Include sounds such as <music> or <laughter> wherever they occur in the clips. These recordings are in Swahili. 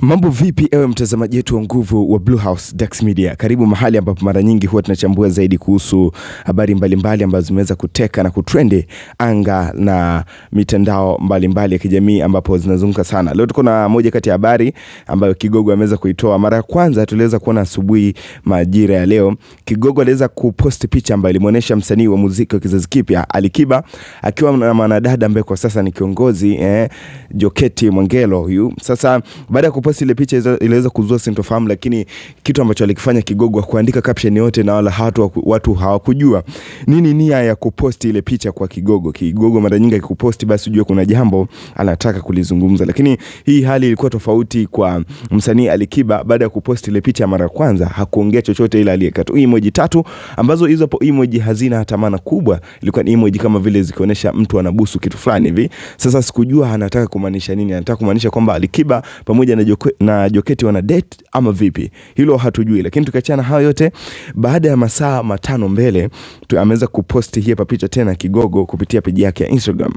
Mambo vipi ewe mtazamaji wetu wa nguvu wa Blue House Dax Media. Karibu mahali ambapo mara nyingi huwa tunachambua zaidi kuhusu habari mbalimbali ambazo zimeweza kuteka na kutrend anga na mitandao mbalimbali mbali ya kijamii ambapo zinazunguka sana. Leo tuko na moja kati ya habari ambayo Kigogo ameweza kuitoa. Mara ya kwanza tuliweza kuona asubuhi majira ya leo, Kigogo aliweza kupost picha ambayo ilimuonesha msanii wa muziki wa kizazi kipya Alikiba akiwa na mwanadada ambaye kwa sasa ni kiongozi eh, Joketi Mwangelo huyu. Sasa baada ya post ile picha iliweza kuzua sintofahamu, lakini kitu ambacho alikifanya Kigogo kuandika caption yote na wala hatu, watu hawakujua nini nia ya kupost ile picha kwa Kigogo. Kigogo mara nyingi akikupost, basi ujue kuna jambo anataka kulizungumza, lakini hii hali ilikuwa tofauti kwa msanii Alikiba. Baada ya kupost ile picha mara kwanza hakuongea chochote, ila aliyekata emoji tatu ambazo hizo emoji hazina hata maana kubwa. Ilikuwa ni emoji kama vile zikionyesha mtu anabusu kitu fulani hivi. Sasa sikujua anataka kumaanisha nini. Anataka kumaanisha kwamba Alikiba pamoja na na Joketi wana date ama vipi, hilo hatujui, lakini tukiachana hayo yote, baada ya masaa matano mbele tu ameweza kuposti hii hapa picha tena Kigogo kupitia peji yake ya Instagram,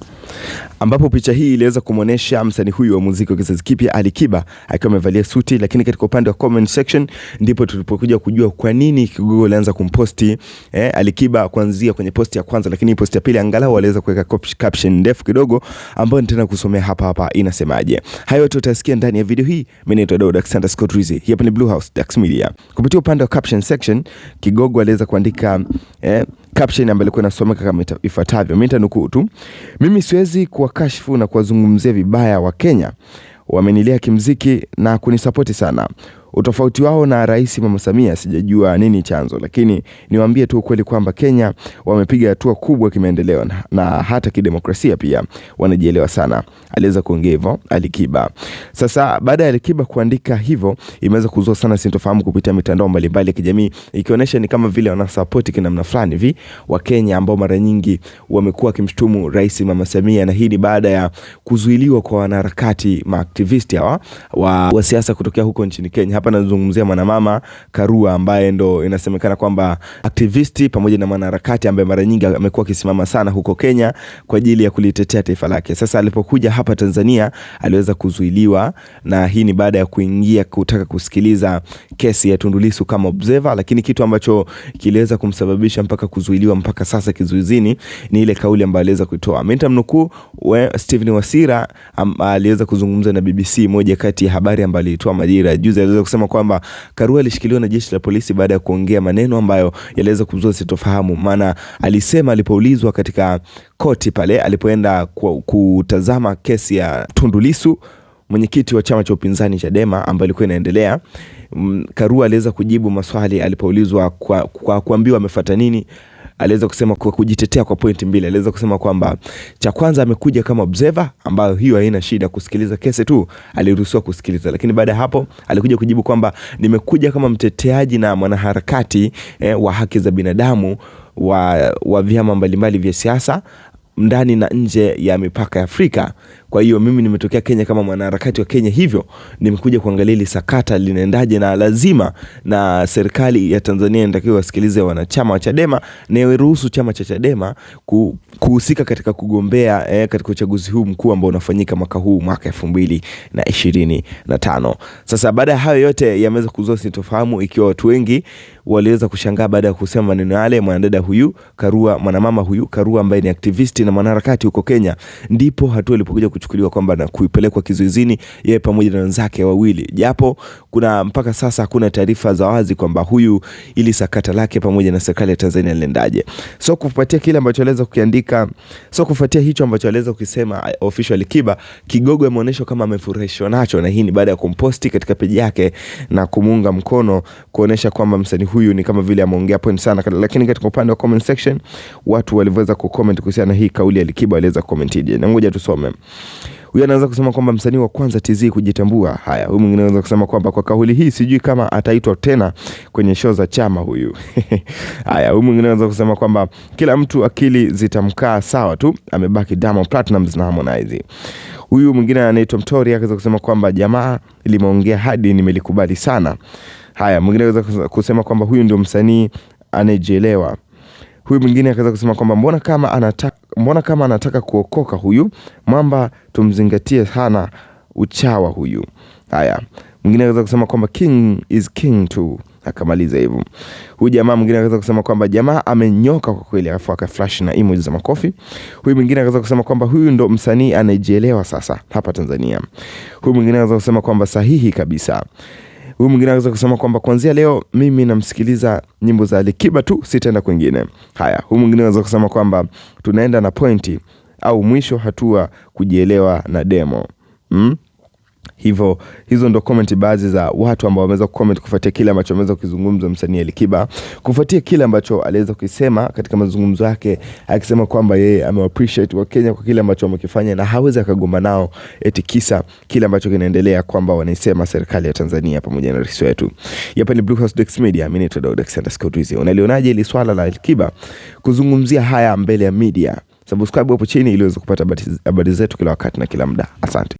ambapo picha hii iliweza kumwonyesha msanii huyu wa muziki wa kizazi kipya Alikiba akiwa amevalia suti, lakini katika upande wa comment section ndipo tulipokuja kujua kwa nini Kigogo alianza kumposti eh, Alikiba kuanzia kwenye posti ya kwanza, lakini posti ya pili angalau aliweza kuweka caption ndefu kidogo ambayo nitaenda kusomea hapa hapa, inasemaje. Hayo yote utasikia ndani ya video hii mi naitwa Daud Alexander Scott Rizzi. Hapa ni Blue House Dax Media. Kupitia upande wa caption section, Kigogo aliweza kuandika eh, caption ambayo ilikuwa inasomeka kama ifuatavyo. Mimi nitanukuu tu. Mimi siwezi kuwakashifu na kuwazungumzia vibaya wa Kenya wamenilia kimziki na kunisapoti sana. Utofauti wao na Rais Mama Samia sijajua nini chanzo, lakini niwaambie tu ukweli kwamba Kenya wamepiga hatua kubwa kimaendeleo na, na hata kidemokrasia pia wanajielewa sana. Aliweza kuongea hivyo Alikiba. Sasa baada ya Alikiba kuandika hivyo, imeweza kuzua sana sintofahamu kupitia mitandao mbalimbali ya kijamii, ikionyesha ni kama vile wanasapoti kinamna fulani hivi wa Kenya ambao mara nyingi wamekuwa wakimshutumu Rais Mama Samia, na hii ni baada ya kuzuiliwa kwa wanaharakati maaktivisti hawa wa, wa siasa kutokea huko nchini Kenya hapa nazungumzia mwanamama Karua ambaye ndo inasemekana kwamba aktivisti pamoja na mwanaharakati ambaye mara nyingi amekuwa akisimama sana huko Kenya kwa ajili ya kulitetea taifa lake. Sasa alipokuja hapa Tanzania aliweza kuzuiliwa, na hii ni baada ya kuingia kutaka kusikiliza kesi ya Tundu Lissu kama observer, lakini kitu ambacho kiliweza kumsababisha mpaka kuzuiliwa mpaka sasa kizuizini ni ile kauli ambayo aliweza kuitoa. Mimi nitamnukuu Stephen Wasira aliweza kuzungumza na BBC, moja kati ya habari ambayo alitoa Majira juzi aliweza kusema kwamba Karua alishikiliwa na jeshi la polisi baada ya kuongea maneno ambayo yaliweza kuzua sitofahamu, maana alisema alipoulizwa katika koti pale alipoenda kutazama kesi ya Tundu Lissu mwenyekiti wa chama cha upinzani Chadema ambayo ilikuwa inaendelea. Mm, Karua aliweza kujibu maswali alipoulizwa kwa, kwa kuambiwa amefuata nini aliweza kusema kwa kujitetea kwa pointi mbili. Aliweza kusema kwamba cha kwanza amekuja kama observer, ambayo hiyo haina shida, kusikiliza kesi tu aliruhusiwa kusikiliza, lakini baada ya hapo alikuja kujibu kwamba nimekuja kama mteteaji na mwanaharakati eh, wa haki za binadamu wa, wa vyama mbalimbali vya siasa ndani na nje ya mipaka ya Afrika. Kwa hiyo mimi nimetokea Kenya kama mwanaharakati wa Kenya, hivyo nimekuja kuangalia ile sakata linaendaje, na lazima na serikali ya Tanzania inatakiwa wasikilize wanachama wa Chadema na iruhusu chama cha Chadema kuhusika katika kugombea eh, katika uchaguzi huu mkuu ambao unafanyika mwaka huu mwaka elfu na tano. Sasa baada ya hayo yote yameweza kuzua sintofahamu, ikiwa watu wengi waliweza kushangaa baada ya kusema maneno yale. Mwanadada huyu Karua, mwanamama huyu Karua ambaye ni aktivisti na mwanaharakati huko Kenya, ndipo hatua ilipokuja kuchukuliwa kwamba na kuipelekwa kizuizini yeye pamoja na wenzake wawili, japo kuna mpaka sasa hakuna taarifa za wazi kwamba huyu ili sakata lake pamoja na serikali ya Tanzania lendaje. So kufuatia kile ambacho aliweza kukiandika, so kufuatia hicho ambacho aliweza kukisema eh, official Kiba, Kigogo ameonyeshwa kama amefurahishwa nacho, na hii ni baada ya kumposti katika peji yake na kumuunga mkono kuonesha kwamba msanii huyu ni kama vile ameongea point sana, lakini katika upande wa comment section watu walivyoweza kucomment kuhusiana na hii kauli ya Alikiba waliweza kucommentije, na ngoja tusome. Huyu anaanza kusema kwamba msanii wa kwanza TZ kujitambua. Haya, huyu mwingine anaanza kusema kwamba kwa kauli hii sijui kama ataitwa tena kwenye show za chama huyu. <laughs> Haya, huyu mwingine anaanza kusema kwamba kila mtu akili zitamkaa sawa tu, amebaki Diamond Platnumz na Harmonize. Huyu mwingine anaitwa Mtori akaweza kusema kwamba jamaa limeongea hadi nimelikubali sana. Haya, mwingine anaweza kusema kwamba huyu ndio msanii anayejielewa. Huyu mwingine akaweza kusema kwamba mbona kama anataka mbona kama anataka kuokoka huyu mwamba, tumzingatie, sana uchawa huyu. Haya, mwingine anaweza kusema kwamba king is king tu, akamaliza hivyo. Huyu jamaa mwingine anaweza kusema kwamba jamaa amenyoka kwa kweli, alafu akaflash na emoji za makofi. Huyu mwingine anaweza kusema kwamba huyu ndo msanii anayejielewa sasa hapa Tanzania. Huyu mwingine anaweza kusema kwamba sahihi kabisa. Huyu mwingine anaweza kusema kwamba kuanzia leo mimi namsikiliza nyimbo za Alikiba tu, sitaenda kwingine. Haya, huyu mwingine anaweza kusema kwamba tunaenda na pointi au mwisho hatua kujielewa na demo mm? Hivyo hizo ndo komenti baadhi za watu ambao wameweza kucomment kufuatia kile ambacho ameweza kukizungumza msanii Alikiba, kufuatia kile ambacho aliweza kusema katika mazungumzo yake, akisema kwamba yeye ame appreciate wa Kenya kwa kile ambacho wamekifanya na hawezi akagomba nao eti kisa kile ambacho kinaendelea kwamba wanaisema serikali ya Tanzania pamoja na rais wetu. Hapa ni Blue House Dex Media, mimi ni Dex underscore Twizy. Unalionaje ile swala la Alikiba kuzungumzia haya mbele ya media? Subscribe hapo chini ili uweze kupata habari zetu kila wakati na kila muda. Asante.